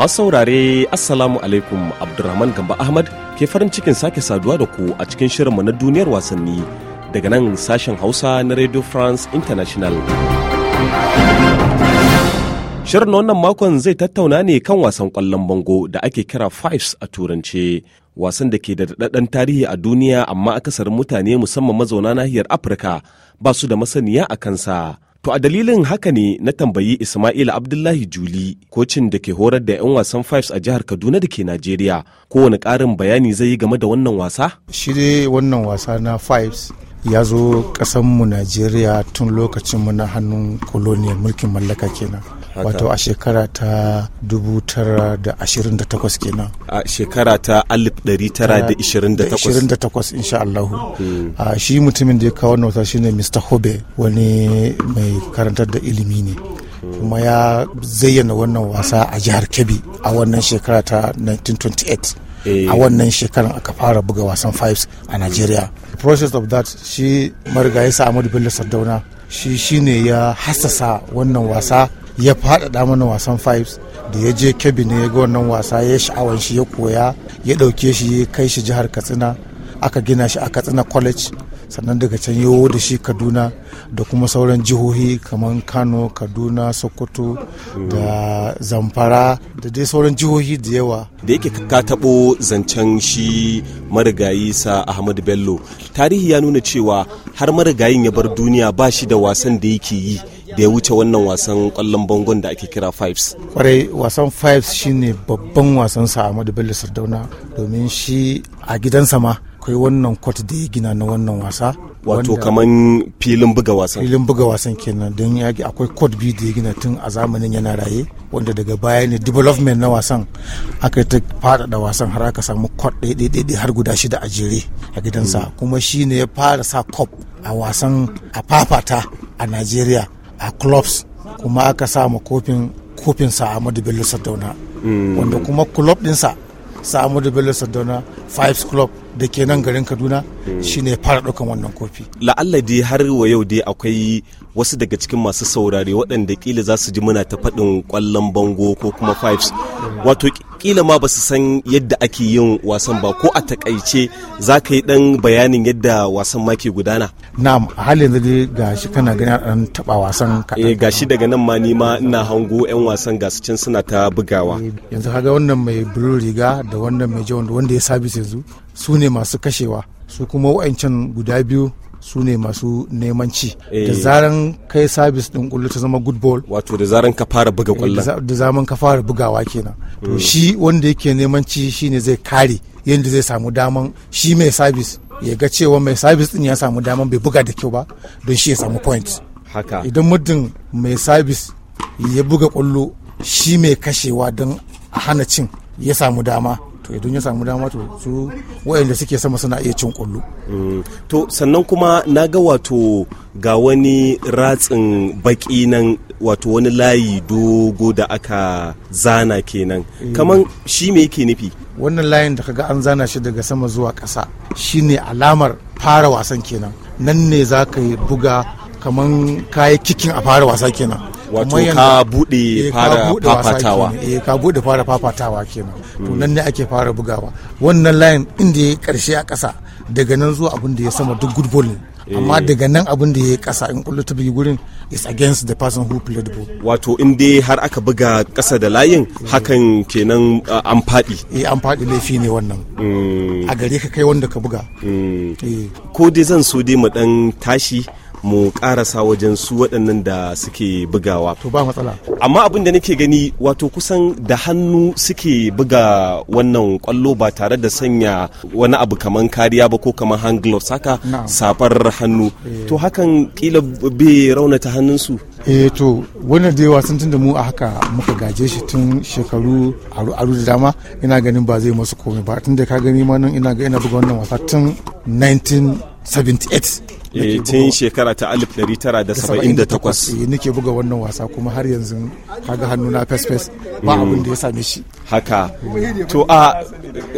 Masu saurare Assalamu alaikum Abdulrahman Gamba Ahmad ke farin cikin sake saduwa da ku a cikin shirinmu na duniyar wasanni daga nan sashen Hausa na Radio France International. Shirin wannan makon zai tattauna ne kan wasan kwallon bango da ake kira Fives a turance. Wasan da ke da daɗaɗɗen tarihi a duniya amma akasarin mutane musamman mazauna nahiyar Afirka ba su da masaniya a kansa. To a dalilin haka ne na tambayi isma'ila Abdullahi Juli, kocin da ke horar da 'yan wasan Fives a jihar Kaduna da ke Najeriya, kowane ƙarin bayani zai yi game da wannan wasa? Shi dai wannan wasa na Fives ya zo ƙasanmu Najeriya tun lokacin mu na hannun koloniyar mulkin mallaka kenan. wato a shekara ta 1928 kenan a shekara ta 1928 insha Allah hmm. a shi mutumin da ya kawo wannan wasa shine Mr Hobe wani mai karantar da ilimi ne hmm. kuma ya zayyana wannan wasa a jihar Kebbi a wannan shekara ta 1928 eh. a wannan shekaran aka fara buga wasan fives a Najeriya. process of that shi marigayi Ahmadu Bello Sardauna shi shine ya hasasa wannan wasa ya faɗaɗa mana wasan fives da ya je kebine ya ga wannan wasa ya sha'awan shi ya koya ya ɗauke shi ya kai shi jihar katsina aka gina shi a katsina college sannan daga can ya da shi kaduna da kuma sauran jihohi kamar kano kaduna sokoto da zamfara da dai sauran jihohi da yawa da yake ka taɓo zancen shi marigayi sa ahmad bello tarihi ya nuna cewa har marigayin ya bar duniya ba shi da wasan da yake yi da ya wuce wannan wasan kwallon bangon da ake kira fives kwarai wasan fives shine babban wasan sa Ahmadu Bello Sardauna domin shi a gidansa ma kai wannan kwat da ya gina na wannan wasa wato kaman filin buga wasan filin buga wasan kenan don ya akwai kwat biyu da ya gina tun a zamanin yana raye wanda daga baya ne development na wasan aka ta faɗaɗa wasan har aka samu kwat ɗaiɗaiɗaiɗai har guda shida a jere a gidansa mm. kuma shi ne ya fara sa kop. a wasan a fafata a najeriya a clubs kuma aka samu kofin kofin sa Ahmadu Bello Sardauna mm. wanda kuma club dinsa sa Ahmadu Bello Sardauna fives club da ke nan garin kaduna hmm. shine fara ɗaukan wannan kofi la'allai dai har wa yau dai akwai wasu daga cikin masu saurare waɗanda kila za su ji muna ta faɗin ƙwallon bango ko kuma fives hmm. wato kila ma ba su san yadda ake yin wasan ba ko a takaice za ka yi ɗan bayanin yadda wasan ma ke gudana na'am halin yanzu dai gashi kana gani an taɓa wasan kaɗan eh, gashi daga nan ma ni ma ina hango 'yan wasan gasu can suna ta bugawa eh, yanzu kaga wannan mai blue riga da wannan mai jawon wanda ya sabis yanzu su ne masu kashewa su kuma wa'ancan guda biyu su ne masu neman ci da eh. zaran kai sabis din kullu ta zama good ball wato da zaran ka fara buga kwallon eh, da zaman ka fara bugawa kenan to hmm. shi wanda yake neman ci shine zai kare yadda zai samu daman shi mai sabis ya ga cewa mai sabis din ya samu daman bai buga da kyau ba don shi ya samu point haka idan muddin mai sabis ya buga kwallo shi mai kashewa don hana cin ya samu dama to idan ya samu dama to su wayanda suke sama suna iya cin kullu mm. to sannan kuma na ga wato ga wani ratsin baki nan wato wani layi dogo da aka zana kenan mm. kaman shi me yake nufi wannan layin da kaga an zana shi daga sama zuwa ƙasa shine alamar fara wasan kenan nan ne za ka yi buga kaman kayi kikin a fara wasa kenan wato ka bude fara fafatawa eh ka bude eh, fara fafatawa kenan to hmm. nan ne ake fara bugawa wannan layin inda ya karshe a ƙasa daga nan zuwa abin da ya sama duk good ball eh. amma daga nan abin da ya kasa in kullu ta bi gurin is against the person who played the ball wato in dai har aka buga kasa da layin hmm. hakan kenan an fadi eh an fadi laifi ne wannan hmm. a gare ka kai wanda ka buga eh. ko dai zan so dai mu dan tashi mu karasa wajen su waɗannan da suke bugawa to ba matsala amma abin da nake gani wato kusan da hannu suke buga wannan kwallo ba tare da sanya wani abu kaman kariya ba ko kamar hand gloves haka safar hannu eh. to hakan kila be raunata hannunsu eh to wannan da yawa sun tunda mu a haka muka gaje shi tun shekaru aru aru da dama ina ganin ba zai masu komai ba tun da ka gani ma nan ina ga ina buga wannan wasa tun 1978 Eh, tun shekara ta 1978 eh, eh, nake buga wannan wasa kuma har yanzu kaga hannu na fes-fes ba hmm. abin da ya same shi haka to a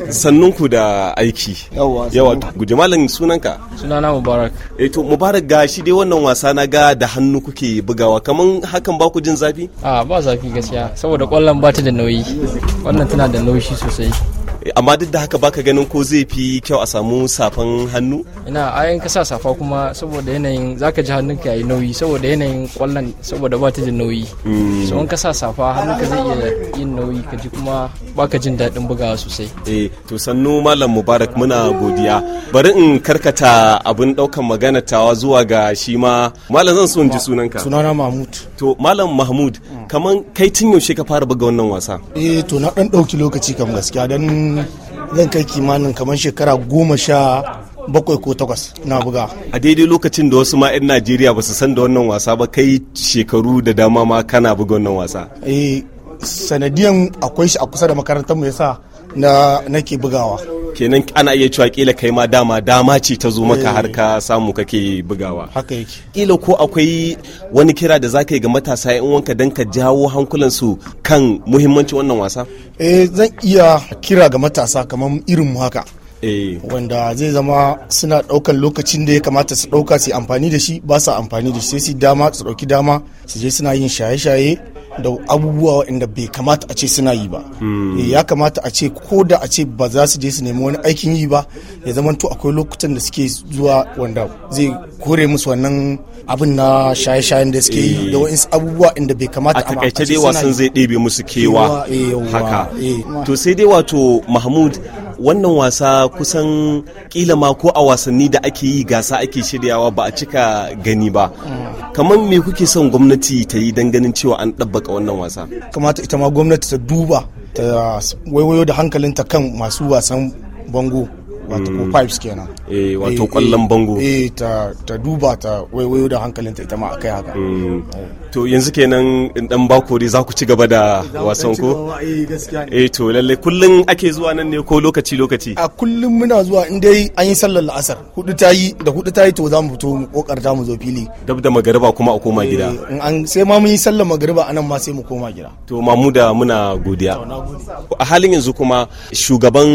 sannun ku da aiki yawa guje malam sunanka sunana mubarak eh to mubarak ga shi dai wannan wasa na ga da hannu kuke bugawa kamar hakan ba ku jin zafi a ba zafi gaskiya saboda kwallon ba ta da nauyi wannan tana da nauyi sosai amma duk da haka baka ganin ko zai fi kyau a samu safan hannu ina ayan ka sa safa kuma saboda yanayin zaka ji hannunka yayi nauyi saboda yanayin kwallon saboda ba ta da nauyi hmm. so in ka sa safa hannunka zai iya yin nauyi ka ji kuma baka jin daɗin bugawa sosai eh to sannu malam mubarak muna godiya bari in karkata abin daukan magana tawa zuwa ga shi ma malam zan so in ji sunanka sunana mahmud to malam mahmud kaman kai tun yaushe ka fara buga wannan wasa eh to na ɗan ɗauki lokaci kam gaskiya dan zan kai kimanin kamar shekara goma sha bakwai ko takwas na buga. A daidai lokacin da wasu ma 'yan Najeriya ba su san da wannan wasa ba kai shekaru da dama ma kana buga wannan wasa. Eh sanadiyan akwai shi a kusa da makarantar mu yasa na nake bugawa. kenan ana iya cewa kila kai ma dama dama ce ta zo maka eh. har ka samu kake bugawa haka yake kila ko akwai wani kira da zaka yi ga matasa yan wanka dan ka jawo hankulansu kan muhimmancin wannan wasa eh zan iya kira ga matasa kamar irin mu haka eh. wanda zai zama suna daukan lokacin da ya kamata su dauka su amfani da shi ba su amfani da shi sai su dama su dauki dama su je suna yin shaye-shaye da abubuwa waɗanda bai kamata a ce suna yi ba hmm. eh, ya kamata a ce ko da a ce ba za su je su nemi wani aikin yi ba ya zama to akwai lokutan da suke zuwa wanda zai kore musu wannan abin na shaye-shayen da suke yi da eh. wani abubuwa inda bai kamata a takaice dai wasan zai ɗebe musu kewa eh, haka to sai dai wato mahmud wannan wasa kusan kila ma ko a wasanni da ake yi gasa ake shiryawa ba a cika gani ba kamar me kuke son gwamnati ta yi don ganin cewa an ɗabbaka wannan wasa kamata ita ma gwamnati ta duba ta waiwayo da hankalinta kan masu wasan bango wato ko mm. pipes kenan eh wato eh, eh, kwallon bango eh ta ta duba ta waiwayo da ta ita ma akai haka mm. to yanzu kenan in dan bakori za ku ci gaba da wasan ko eh, eh to lalle kullun ake zuwa nan ne ko lokaci lokaci a kullun muna zuwa in dai an yi sallar la'asar hudu ta yi da hudu ta yi to za mu fito mu kokarta mu zo fili dab da magariba kuma a koma gida in an sai ma mun yi sallar magariba anan ma sai mu koma gida to mamuda muna godiya a halin yanzu kuma shugaban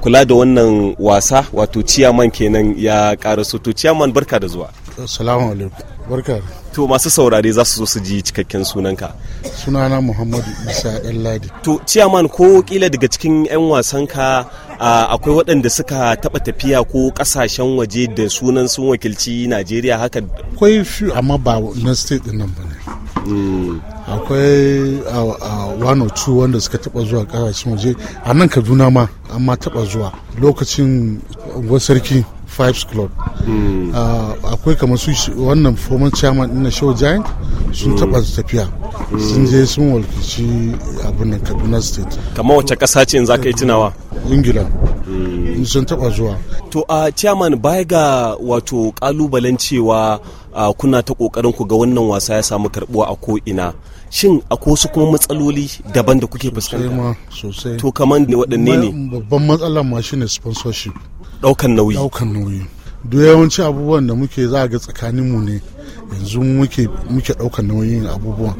kula da wannan wasa wato ciyaman kenan ya so to ciyaman barka da zuwa salamu alaikum barka to masu saurare za su zo su ji cikakken sunanka sunana muhammadu isa Ladi. to ciyaman ko kila daga cikin 'yan wasanka akwai waɗanda suka taɓa tafiya ko ƙasashen waje da sunan sun wakilci najeriya haka akwai amma ba na state ɗin nan ba ne akwai one or two wanda suka taba zuwa karashin waje a nan kaduna ma amma taba zuwa lokacin unguwar sarki fives club hmm. akwai kamar su wannan former chairman na show giant sun taba hmm. tafiya hmm. sun je sun walkici abin kaduna state kamar wacce kasa ce za ka yi tunawa ingila sun taba zuwa to a chairman baya ga wato kalubalen cewa kuna ta kokarin ku ga wannan wasa ya samu karbuwa a ko ina shin ko su kuma matsaloli daban da kuke fuskanta sosai to kaman waɗanne ne babban matsalar ma shine sponsorship ɗaukan nauyi ɗaukan nauyi duk yawanci abubuwan da muke za ga tsakaninmu ne yanzu muke muke daukar nauyin abubuwan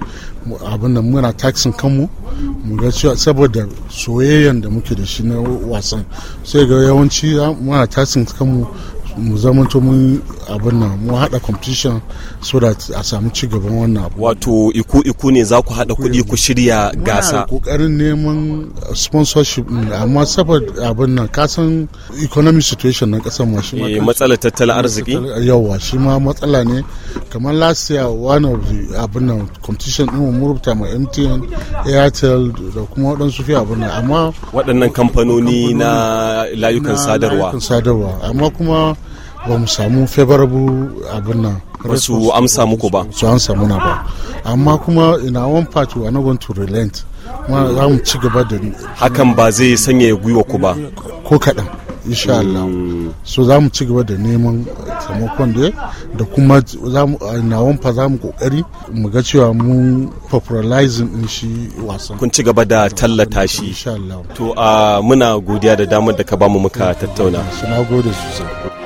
abin da muna taxin kanmu mu ga cewa saboda soyayyan da muke da shi na wasan sai ga yawanci ah, muna taxin kanmu mu zamanto mun abin nan mu haɗa competition so that a samu ci gaban wannan abu wato iku iku ne za ku haɗa kuɗi ku shirya gasa kokarin neman sponsorship amma saboda abin nan kasan economic situation na kasar mu shi ma eh, matsalar tattalin arziki yawa shi ma matsala ne kamar last year one of the abin nan competition din mu rubuta ma MTN Airtel da kuma waɗansu fi abin nan amma waɗannan kamfanoni na layukan sadarwa sadarwa amma kuma ba mu samu favorable abin nan ba su amsa muku ba su amsa muna ba amma kuma ina one part we are to relent ma za mu ci gaba da hakan ba zai sanya gwiwa ku ba ko kaɗan insha Allah hmm. so za mu ci gaba da neman taimakon da da kuma na fa za mu kokari mu ga cewa mu popularizing din shi wasan kun ci gaba da tallata shi to a ah, muna godiya da damar da ka bamu muka tattauna na gode sosai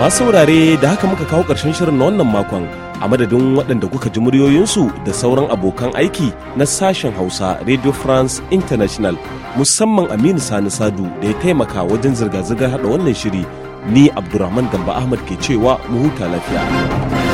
masu wurare da haka muka kawo ƙarshen shirin na wannan makon a madadin waɗanda kuka ji muryoyinsu da sauran abokan aiki na sashen hausa radio france international musamman aminu sani sadu da ya taimaka wajen zirga-zirgar haɗa wannan shiri ni abdulrahman gamba ahmad ke cewa mu huta lafiya